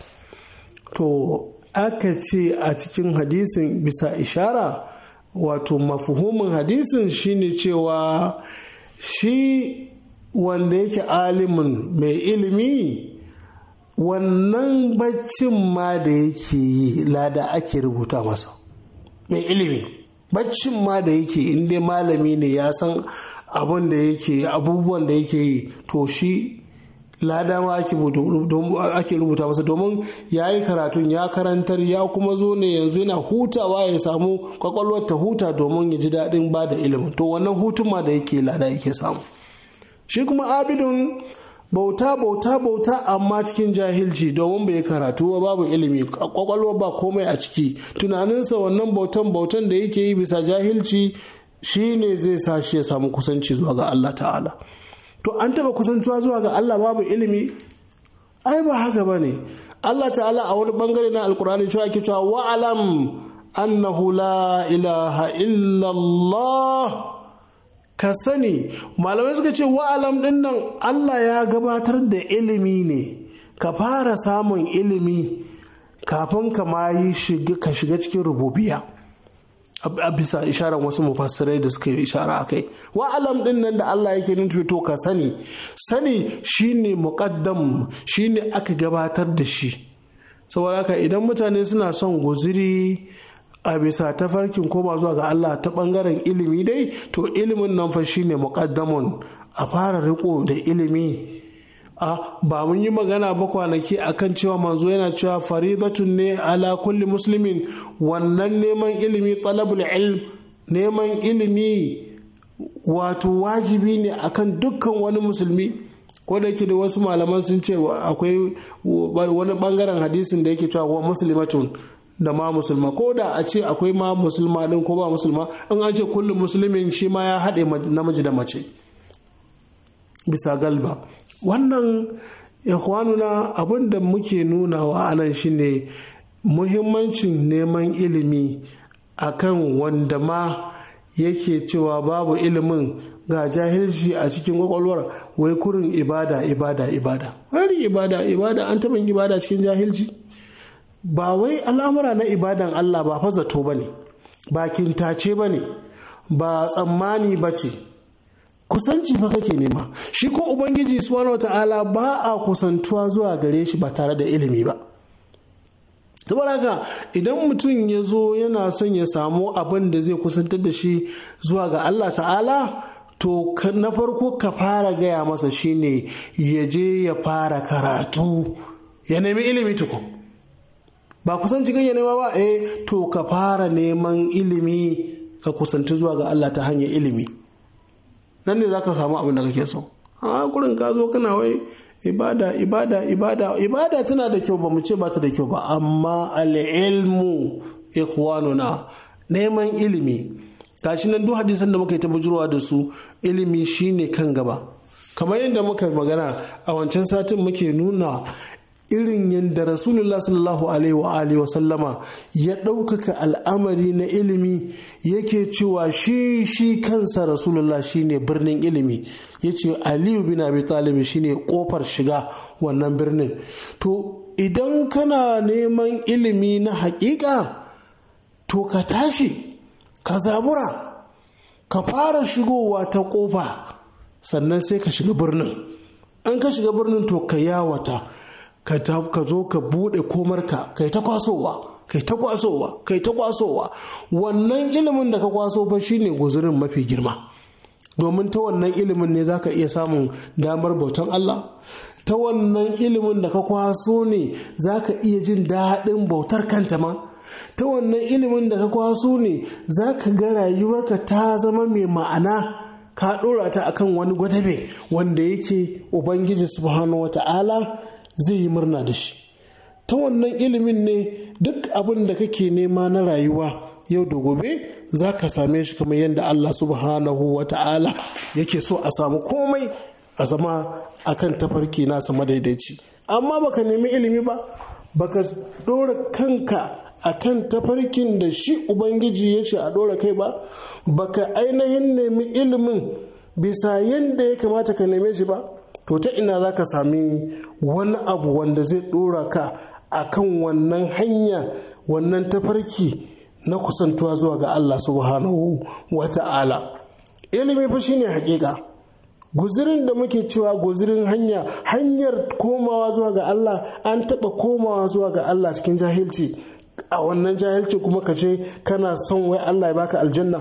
to aka ce a cikin hadisin bisa ishara wato mafuhumin hadisin shine cewa shi wanda yake alimin mai ilimi wannan baccin ma da yake yi lada ake rubuta masa mai ilimi baccin ma da yake inda malami ne ya san abin da yake abubuwan da yake yi to shi ladawa ake rubuta masa domin ya yi karatun ya karantar ya kuma zo ne yanzu yana hutawa ya samu kwakwalwar ta huta domin ya ji daɗin ba da ilimin to wannan hutun ma da yake lada yake samu shi kuma abidun bauta bauta bauta amma cikin jahilci domin bai karatu ba babu ilimi kwakwalwa ba komai a ciki tunaninsa wannan bautan bautan da yake yi bisa jahilci shine zai sa shi ya samu kusanci zuwa ga Allah ta'ala to an taba kusantuwa zuwa ga Allah babu ilimi ai ba haka ba ne Allah ta'ala a wani bangare na alkur'ani cewa ke cewa wa'alam annahu la ilaha illallah ka sani malamai suka ce wa'alam din nan Allah ya gabatar da ilimi ne ka fara samun ilimi kafin ka ma yi shiga ka shiga cikin rububiya a bisa isharar wasu mufassirai da suka yi ishara a kai wa alam din nan da Allah yake nin to ka sani sani shine muqaddam shine aka gabatar da shi saboda haka idan mutane suna son guziri a bisa tafarkin koma zuwa ga Allah ta bangaren ilimi dai to ilimin nan fa shine muqaddamun a fara riko da ilimi a ba mun yi magana ba kwanaki akan cewa manzo yana cewa faridatun ne ala kulli muslimin wannan neman ilimi talabul ilm neman ilimi wato wajibi ne akan dukkan wani musulmi ko da yake da wasu malaman sun ce akwai wani bangaren hadisin da yake cewa wa muslimatun da ma musulma ko da a ce akwai ma musulma din ko ba musulma in an ce kullum musulmin shi ma ya haɗe namiji da mace bisa galba wannan ikhwanuna abin da muke nunawa anan shine muhimmancin neman ilimi akan wanda ma yake cewa babu ilimin ga jahilci a cikin kwakwalwar wai kurin ibada ibada ibada wani ibada ibada an taɓa ibada cikin jahilci ba wai al'amura na ibadan Allah ba fa zato ba ne ba kintace ba ne ba tsammani ba ce kusanci fa kake nema shi ko ubangiji subhanahu ta'ala ba a kusantuwa zuwa gare shi ba tare da ilimi ba saboda haka idan mutum ya zo yana son ya samu abin da zai kusantar da shi zuwa ga Allah ta'ala to na farko ka fara gaya masa shine ya je ya fara karatu ya nemi ilimi tukun ba kusanci kan ya nema ba eh to ka fara neman ilimi ka kusanci zuwa ga Allah ta hanyar ilimi nan ne za ka samu abin da kake so a kurin ka zo kana wai ibada ibada ibada ibada tana da kyau ba mu ce ba ta da kyau ba amma al-ilmu na neman ilimi gashi nan duk hadisan da muka yi ta bujurwa da su ilimi shine kan gaba kamar yadda muka magana a wancan satin muke nuna irin yadda rasulullah sallallahu alaihi wa sallama ya ɗaukaka al'amari na ilimi yake cewa shi shi kansa rasulullah shine birnin ilimi ya ce aliyu bin abi talib shine kofar shiga wannan birnin to idan kana neman ilimi na hakika to ka tashi ka zabura ka fara shigowa ta kofa sannan sai ka shiga birnin an ka shiga birnin to ka yawata ka zo ka buɗe komarka kai ta kwasowa kai ta kwasowa kai ta kwasowa wannan ilimin da ka kwaso fa shine guzurin mafi girma domin ta wannan ilimin ne za ka iya samun damar bautan Allah ta wannan ilimin da ka kwaso ne za ka iya jin daɗin bautar kanta ma ta wannan ilimin da ka kwaso ne za ka ga rayuwarka ta zama mai ma'ana ka ɗora ta akan wani gwadabe wanda yake ubangiji subhanahu wata'ala zai yi murna da shi ta wannan ilimin ne duk abin da kake nema na rayuwa yau da gobe za ka same shi kamar yadda Allah subhanahu wa ta'ala yake so a samu komai a zama akan tafarki nasa madaidaici amma baka nemi ilimi ba baka ɗora kanka akan tafarkin da shi ubangiji ya ce a ɗora kai ba baka ainihin nemi ilimin bisa yadda ya kamata ka neme shi ba to ta ina za ka sami wani abu wanda zai ɗora ka akan wannan hanya wannan tafarki na kusantuwa zuwa ga Allah subhanahu wa ta'ala ilimi fa shine hakika guzirin da muke cewa guzirin hanya hanyar komawa zuwa ga Allah an taɓa komawa zuwa ga Allah cikin jahilci a wannan jahilci kuma ka ce kana son wai Allah ya baka aljanna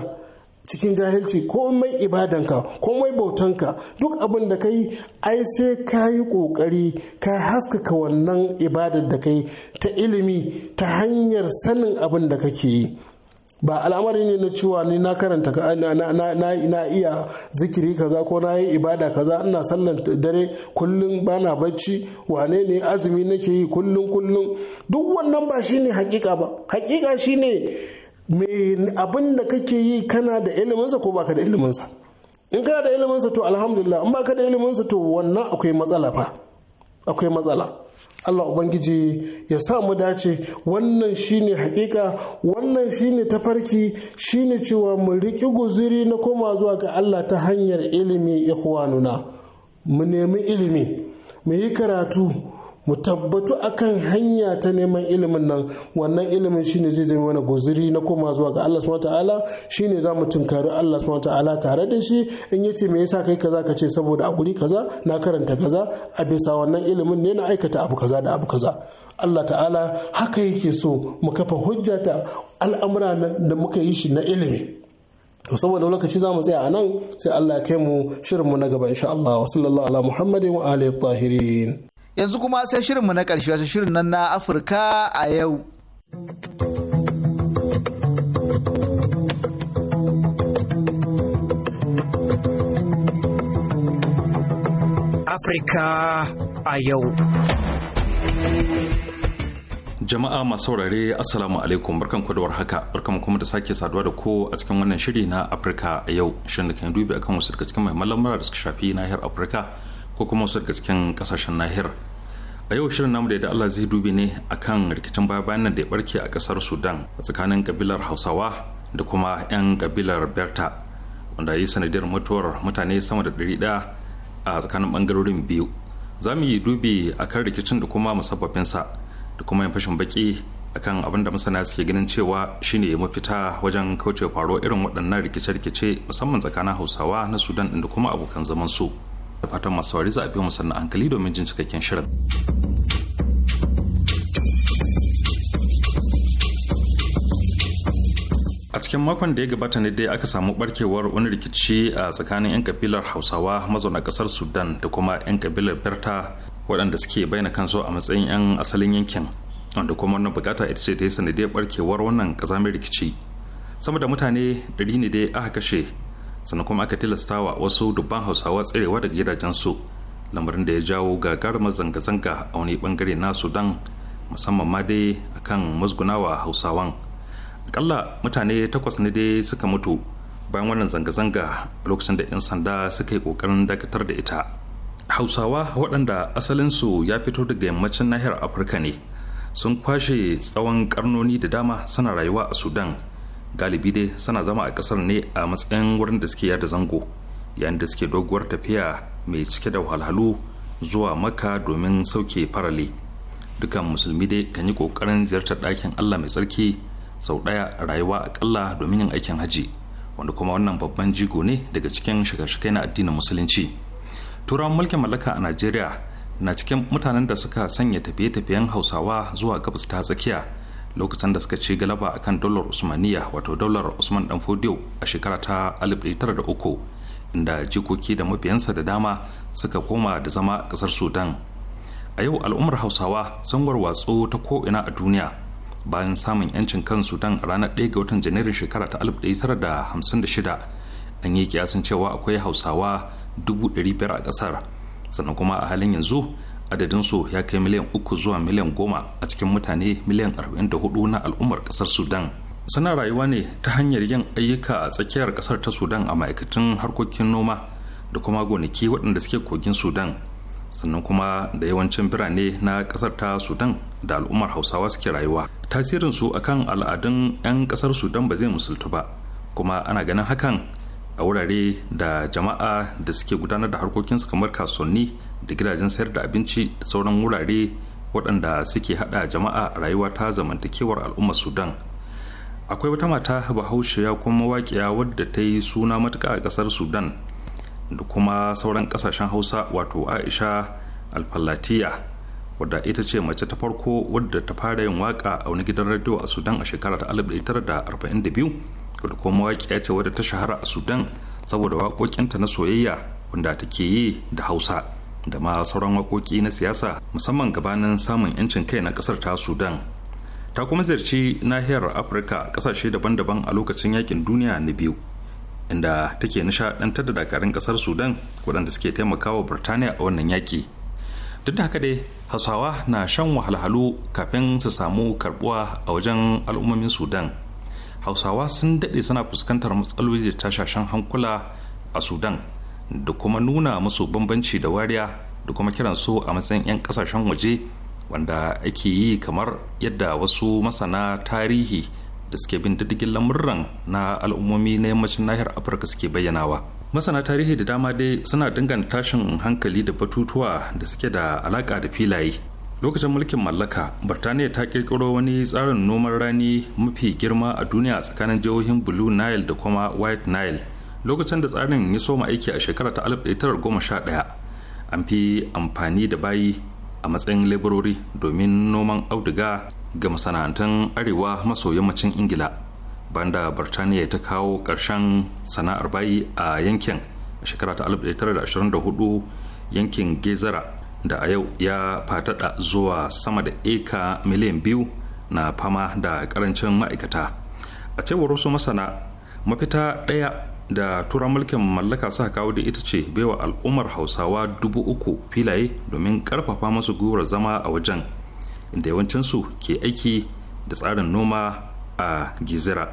cikin jahilci komai ibadanka komai bautanka duk abin da kai ai sai ka yi kokari ka haskaka wannan ibadar da kai ta ilimi ta hanyar sanin abin da kake yi ba al'amari ne na cewa ni na karanta ka na, iya zikiri kaza ko na yi ibada kaza ina sallan dare kullum bana bacci wane ne azumi nake yi kullum kullum duk wannan ba shine hakika ba hakika shine me abin da kake yi kana da iliminsa ko baka da iliminsa in kana da iliminsa to alhamdulillah in baka da iliminsa to wannan akwai matsala fa akwai matsala Allah Ubangiji ya sa mu dace wannan shine hakika wannan shine tafarki shine cewa mu riƙi guziri na koma zuwa ga Allah ta hanyar ilimi ikhwanuna mu nemi ilimi mu yi karatu mu tabbatu a kan hanya ta neman ilimin nan wannan ilimin shine zai zama mana guziri na koma zuwa ga Allah subhanahu ta'ala shine za mu tunkari Allah subhanahu ta'ala tare da shi in ce me yasa kai kaza ka ce saboda a guri kaza na karanta kaza a bisa wannan ilimin ne na aikata abu kaza da abu kaza Allah ta'ala haka yake so mu kafa hujjata al'amura da muka yi shi na ilimi to saboda lokaci za mu tsaya a nan sai Allah ya kai mu shirinmu na gaba insha Allah wa sallallahu ala Muhammadin wa alihi tahirin yanzu kuma sai shirinmu na ƙarshe wasu shirin nan na afirka a yau afirka a yau jama'a masu saurare assalamu alaikum barkan ku da warhaka barkan kuma da sake saduwa da ko a cikin wannan shiri na afirka a yau shirin da kan dubi akan wasu daga cikin mai lamura da suka shafi nahiyar afirka ko kuma wasu daga cikin kasashen nahiyar a yau shirin namu da yadda allah zai dubi ne akan rikicin baya bayan da ya barke a kasar sudan a tsakanin kabilar hausawa da kuma 'yan kabilar berta wanda yi sanadiyar mutuwar mutane sama da 100 a tsakanin bangarorin biyu za mu yi dubi akan rikicin da kuma musabbabinsa da kuma yin fashin baki akan abin da masana suke ganin cewa shine mafita wajen kaucewa faro irin waɗannan rikice-rikice musamman tsakanin hausawa na sudan da kuma abokan zaman su. da fatan masu saurari za a biyo musanna hankali domin jin cikakken shirin a cikin makon da ya gabata ne dai aka samu barkewar wani rikici a tsakanin 'yan kabilar hausawa mazauna kasar sudan da kuma 'yan kabilar berta waɗanda suke bayyana kansu a matsayin 'yan asalin yankin wanda kuma wannan bukata ita ce ta yi sanadiyar barkewar wannan ƙazamin rikici sama da mutane 100 ne dai aka kashe sannan kuma aka tilasta wa wasu dubban hausawa tserewa daga su lamarin da ya jawo gagarumar zanga-zanga a wani bangare na sudan musamman ma dai akan musgunawa hausawan akalla mutane takwas ne dai suka mutu bayan wannan zanga-zanga lokacin da 'yan sanda suka yi kokarin dakatar da ita hausawa waɗanda asalinsu ya fito daga yammacin nahiyar afirka ne sun kwashe tsawon karnoni da dama suna rayuwa a sudan galibi dai suna zama a kasar ne a matsayin wurin da suke yada zango yayin da suke doguwar tafiya mai cike da wahalhalu zuwa maka domin sauke farale dukan musulmi dai kan yi kokarin ziyartar dakin allah mai tsarki sau ɗaya rayuwa akalla domin yin aikin haji wanda kuma wannan babban jigo ne daga cikin shiga na addinin musulunci turawan mulkin mallaka a najeriya na cikin mutanen da suka sanya tafiye-tafiyen hausawa zuwa gabas ta tsakiya lokacin da suka ci galaba akan dolar usmaniya wato daular usman dan fodiyo a shekara ta 1903 inda jikoki da mabiyansa da dama suka koma da zama a kasar sudan a yau al'ummar hausawa sun warwatsu ta ko'ina a duniya bayan samun yancin kan sudan a ranar 1 ga watan janairun shekara ta 1956 an yi kiyasin cewa akwai hausawa 500 a kasar sannan kuma a halin yanzu adadinsu ya kai miliyan uku zuwa miliyan goma a cikin mutane miliyan arba'in da hudu na al'ummar kasar sudan suna rayuwa ne ta hanyar yin ayyuka a tsakiyar kasar ta sudan a ma'aikatan harkokin noma da kuma gonaki waɗanda suke kogin sudan sannan kuma da yawancin birane na kasar ta sudan da al'ummar hausawa suke rayuwa tasirinsu akan al'adun 'yan kasar sudan ba zai musultu ba kuma ana ganin hakan a wurare da jama'a da suke gudanar da harkokinsu kamar kasuwanni da gidajen sayar da abinci da sauran wurare waɗanda suke haɗa jama'a a rayuwa ta zamantakewar al'ummar sudan akwai wata mata bahaushe ya kuma mawaƙiya wadda ta yi suna matuƙa a ƙasar sudan da kuma sauran ƙasashen hausa wato aisha alfallatiya wadda ita ce mace ta farko wadda ta fara yin waƙa a wani gidan radio a sudan a shekara ta 1942 wadda kuma ya ce wadda ta shahara a sudan saboda waƙoƙinta na soyayya wanda take yi da hausa da ma sauran waƙoƙi na siyasa musamman gabanin samun 'yancin kai na ƙasar ta sudan ta kuma ziyarci nahiyar afirka ƙasashe daban-daban a lokacin yakin duniya na biyu inda take nishaɗantar da dakarun ƙasar sudan waɗanda suke taimakawa birtaniya a wannan yaƙi duk da haka dai hausawa na shan wahalhalu kafin su samu karbuwa a wajen al'ummomin sudan hausawa sun daɗe suna fuskantar matsaloli da tashashen hankula a sudan da kuma nuna musu bambanci da wariya da kuma kiran su a matsayin 'yan kasashen waje wanda ake yi kamar yadda wasu masana tarihi da suke bin diddigin lamurran na al'ummomi na yammacin nahiyar afirka suke bayyanawa masana tarihi da dama dai suna danganta tashin hankali da batutuwa da suke da alaƙa da filaye lokacin mulkin mallaka birtaniya ta kirkiro wani tsarin noman rani mafi girma a duniya tsakanin jihohin blue nile da kuma white nile lokacin da tsarin ya soma aiki a shekara ta 1911 an fi amfani da bayi a matsayin laborori domin noman auduga ga masana'antun arewa maso yammacin ingila banda birtaniya ta kawo ƙarshen sana'ar bayi a yankin a shekara ta 1924 yankin gezara da a yau ya fatada zuwa sama da eka miliyan biyu na fama da karancin ma'aikata a cewar wasu masana mafita ɗaya da turan mulkin mallaka suka kawo da ita ce baiwa al'ummar hausawa dubu uku filaye domin karfafa masu gwiwar zama a wajen inda yawancinsu ke aiki da tsarin noma a gizira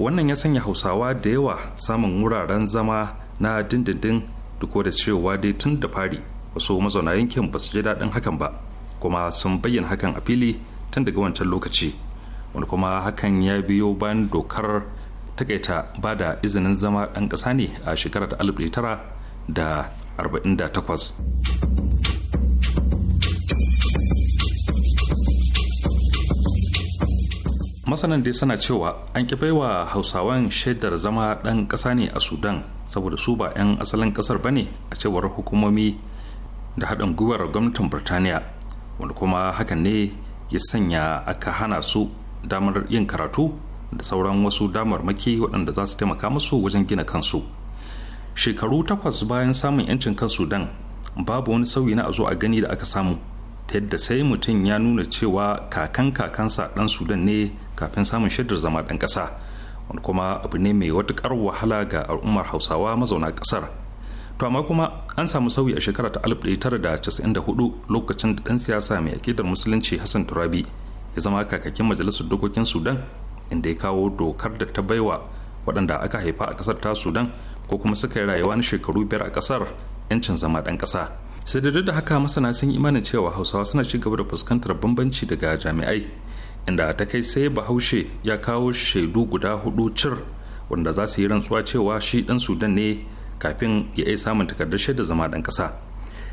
wannan ya sanya hausawa da yawa samun wuraren zama na dindindin duk da cewa dai tun da fari wasu mazauna yankin ba su ji daɗin hakan ba kuma sun bayyana hakan a fili tun daga wancan lokaci wani kuma hakan ya biyo bayan dokar takaita ba da izinin zama ɗan ƙasa ne a shekarar ta takwas. masanan dai suna cewa an ki baiwa hausawan shaidar zama ɗan ƙasa ne a sudan saboda su ba 'yan asalin ƙasar ba ne a cewar hukumomi da haɗin gwiwar gwamnatin burtaniya wanda kuma hakan ne ya sanya aka hana su damar yin karatu da sauran wasu damar damarmaki waɗanda za su taimaka musu wajen gina kansu shekaru takwas bayan samun 'yancin kan sudan babu wani sauyi na a zo a gani da aka samu ta yadda sai mutum ya nuna cewa kakan kakansa ɗan sudan ne kafin samun shaidar zama ɗan ƙasa wani kuma abu ne mai watukar wahala ga al'ummar hausawa mazauna ƙasar to amma kuma an samu sauyi a shekara ta 1994 lokacin da dan siyasa mai akidar musulunci hassan turabi ya zama kakakin majalisar dokokin sudan inda ya kawo dokar da ta baiwa waɗanda aka haifa a kasar ta sudan ko kuma suka yi rayuwa na shekaru biyar a kasar 'yancin zama ɗan kasa. sai da da haka masana sun imanin cewa hausawa suna ci gaba da fuskantar bambanci daga jami'ai inda ta kai sai bahaushe ya kawo shaidu guda hudu cir wanda za su yi rantsuwa cewa shi dan sudan ne kafin ya yi samun takardar shaidar zama ɗan ƙasa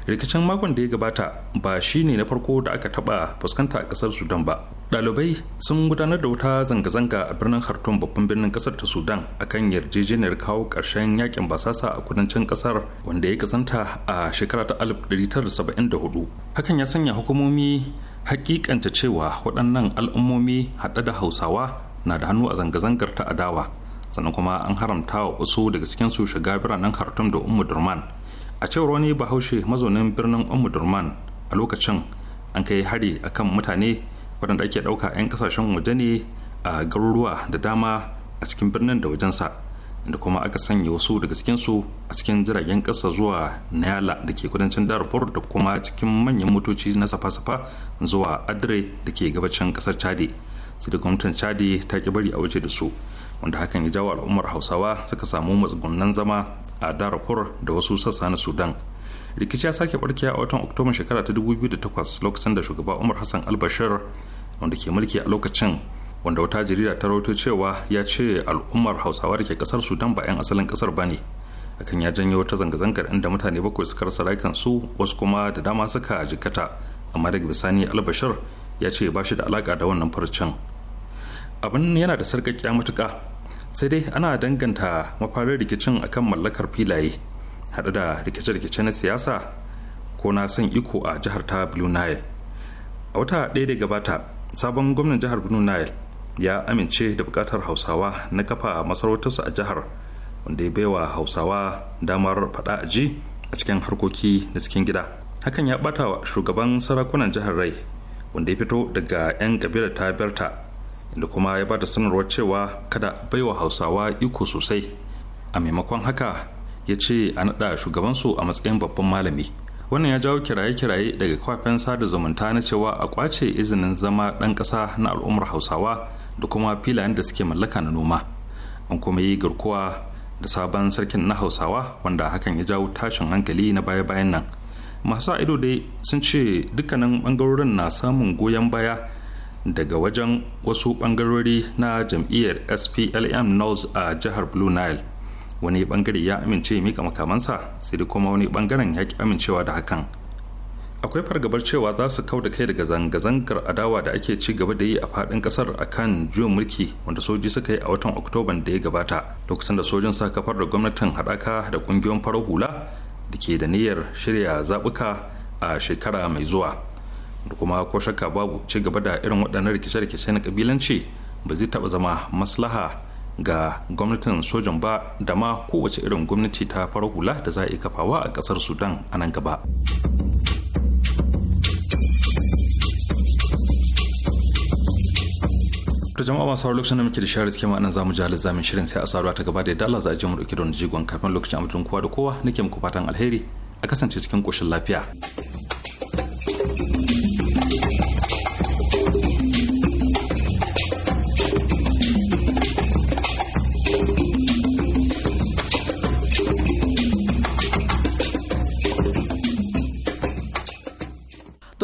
rikicin makon da ya gabata ba shi ne na farko da aka taɓa fuskanta a ƙasar sudan ba ɗalibai sun gudanar da wuta zanga-zanga a birnin khartoum babban birnin ƙasar ta sudan akan yarjejeniyar kawo karshen yakin basasa a kudancin ƙasar wanda ya kasanta a shekara ta 1974 hakan ya sanya hukumomi hakikanta cewa waɗannan al'ummomi haɗe da hausawa na da hannu a zanga-zangar ta adawa sannan kuma an haramta wa wasu daga cikinsu shiga biranen khartoum da umudurman durman a cewar wani bahaushe mazaunin birnin umudurman durman a lokacin an kai hari akan mutane waɗanda ake ɗauka 'yan kasashen waje ne a garuruwa da dama a cikin birnin da wajensa da kuma aka sanya wasu daga cikinsu a cikin jiragen ƙasa zuwa nayala da ke kudancin darfur da kuma cikin manyan motoci na safa-safa zuwa adre da ke gabacin ƙasar chadi sai da gwamnatin chadi ta ki bari a waje da su wanda hakan ya jawo al'ummar hausawa suka samu matsugunan zama a darfur da wasu sassa na sudan rikici ya sake barkiya a watan oktoba shekara ta 2008 lokacin da shugaba umar hassan albashir wanda ke mulki a lokacin wanda wata jarida ta rawaito cewa ya ce al'ummar hausawa da ke kasar sudan ba 'yan asalin kasar ba ne akan ya janyo wata zanga-zangar inda mutane bakwai suka rasa rayukan su wasu kuma da dama suka jikata amma daga bisani albashir ya ce ba shi da alaka da wannan farcen abin yana da sarƙaƙiya matuƙa sai dai ana danganta mafarin rikicin akan mallakar filaye haɗe da rikice-rikice na siyasa ko na son iko a jihar ta blue nile a wata ɗaya da gabata sabon gwamnan jihar blue nile ya amince da buƙatar hausawa na kafa masarautarsu a jihar wanda ya baiwa hausawa damar faɗa a ji a cikin harkoki na cikin gida hakan ya ɓata wa shugaban sarakunan jihar rai wanda ya fito daga 'yan kabilar ta berta da kuma ya ba da sanarwar cewa kada baiwa hausawa iko sosai a maimakon haka ya ce a naɗa shugabansu a matsayin babban malami wannan ya jawo kiraye-kiraye daga kwafen sada zumunta na cewa a kwace izinin zama ɗan ƙasa na al'ummar hausawa da kuma filayen da suke mallaka na noma an kuma yi garkuwa da sabon sarkin na hausawa wanda hakan ya jawo tashin hankali na baya-bayan nan masu ido dai sun ce dukkanin ɓangarorin na samun goyon baya daga wajen wasu bangarori na jam'iyyar splm north a jihar blue nile wani bangare ya amince mika makamansa sai kuma wani bangaren ya ki amincewa da hakan akwai fargabar cewa za su kau da kai daga zanga-zangar adawa da ake ci gaba da yi a fadin kasar kan juyin mulki wanda soji suka yi a watan oktoban da ya gabata lokacin da sojin sa kafar da gwamnatin haɗaka da kungiyoyin farar hula da ke da niyyar shirya zaɓuka a shekara mai zuwa da kuma ko shakka babu ci gaba da irin waɗannan rikice-rikice na kabilanci ba zai taɓa zama maslaha ga gwamnatin sojan ba da ma kowace irin gwamnati ta fara hula da za a yi kafawa a ƙasar sudan a nan gaba to jama'a masu hauwa lokacin da muke da shari'a cikin ma'anan zamu ji halin zamin shirin sai a saruwa ta gaba da yadda za a ji mu dauke da wani jigon kafin lokacin abin kowa da kowa ke muku fatan alheri a kasance cikin koshin lafiya.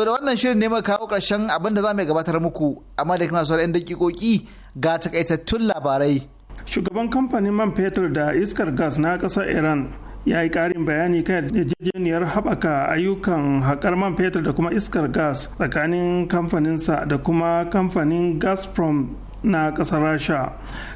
da wannan shirin ne muka kawo ƙarshen abin da za mu gabatar muku amma da kuma sauran 'yan dakikoki ga takaitattun labarai shugaban kamfanin man fetur da iskar gas na kasar iran ya yi ƙarin bayani kan yarjejeniyar haɓaka ayyukan haƙar man fetur da kuma iskar gas tsakanin kamfaninsa da kuma kamfanin gazprom na ƙasar rasha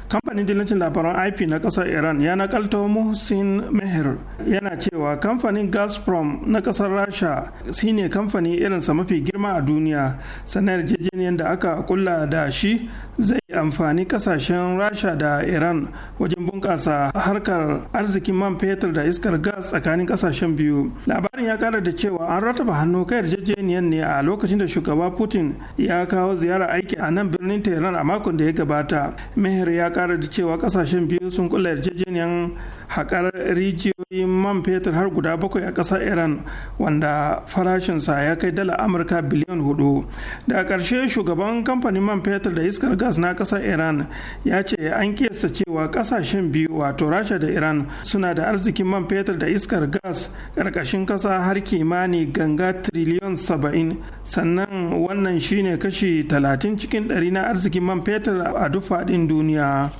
kamfanin dillancin labaran ip na kasar iran ya nakalto muhsin meher yana cewa kamfanin gasprom na kasar rasha shine kamfani irinsa mafi girma a duniya sannan yarjejeniyar da aka kulla da shi zai amfani kasashen rasha da iran wajen bunkasa harkar arzikin man fetur da iskar gas tsakanin kasashen biyu labarin ya kara da cewa an rataba hannu kai yarjejeniyar ne a lokacin da shugaba putin ya kawo ziyara aiki a nan birnin tehran a makon da ya gabata meher ya kara da cewa kasashen biyu sun kula yarjejeniyar haƙar rijiyoyin man fetur har guda bakwai a ƙasar iran wanda farashinsa ya kai dala amurka biliyan hudu da ƙarshe shugaban kamfanin man fetur da iskar gas na ƙasar iran ya ce an kiyasta cewa ƙasashen biyu wato rasha da iran suna da arzikin man fetur da iskar gas ƙarƙashin ƙasa har kimani ganga tiriliyon saba'in sannan wannan shine kashi talatin cikin ɗari na arzikin man fetur a duk faɗin duniya.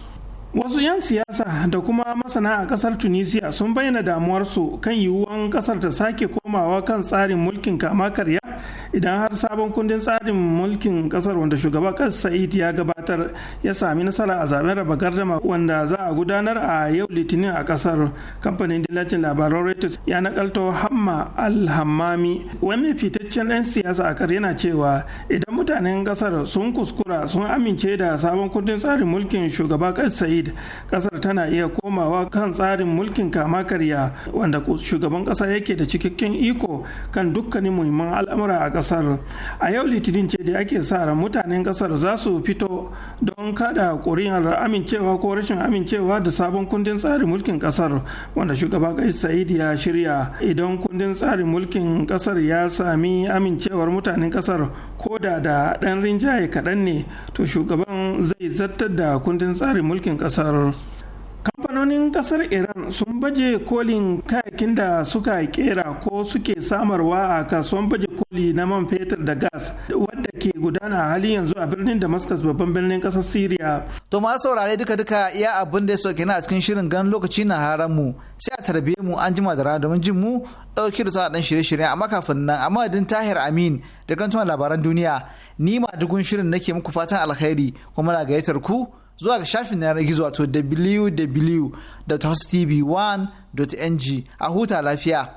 wasu 'yan siyasa da kuma masana a kasar tunisia sun bayyana damuwarsu kan yiwuwan kasar ta sake komawa kan tsarin mulkin kama karya idan har sabon kundin tsarin mulkin kasar wanda Shugaba kan sa'id ya gabatar ya sami nasara a zaben raba gardama wanda za a gudanar a yau litinin a kasar kamfanin dillacin labaran reuters ya nakalto hamma alhammami wani fitaccen 'yan siyasa a kar yana cewa idan mutanen kasar sun kuskura sun amince da sabon kundin tsarin mulkin Shugaba kan sa'id Ƙasar kasar tana iya komawa kan tsarin mulkin kama karya wanda shugaban kasa yake da cikakken iko kan dukkanin muhimman al'amura a kasar a yau litinin ce da ake sa ran mutanen kasar za su fito don kada ƙuri'ar amincewa ko rashin amincewa da sabon kundin tsarin mulkin kasar wanda shugaba kai Said ya shirya idan kundin tsarin mulkin kasar ya sami amincewar mutanen kasar ko da da ɗan rinjaye kaɗan ne to shugaban zai zartar da kundin tsarin mulkin ƙasar kamfanonin kasar iran sun baje kolin kayakin da suka kera ko suke samarwa a kasuwan baje koli na man fetur da gas wadda ke gudana hali yanzu a birnin damascus babban birnin kasar syria to masu saurare duka duka iya abin da ya soke na a cikin shirin gan lokaci na haran mu sai a tarbiye mu an jima da rana domin jin mu dauki da tsawon shirye-shirye amma kafin nan amma din tahir amin da gantuwan labaran duniya ni ma dugun shirin nake muku fatan alkhairi kuma na gayyatar ku zuwa ga shafin yanar gizo wato www.hostv1.ng a huta lafiya.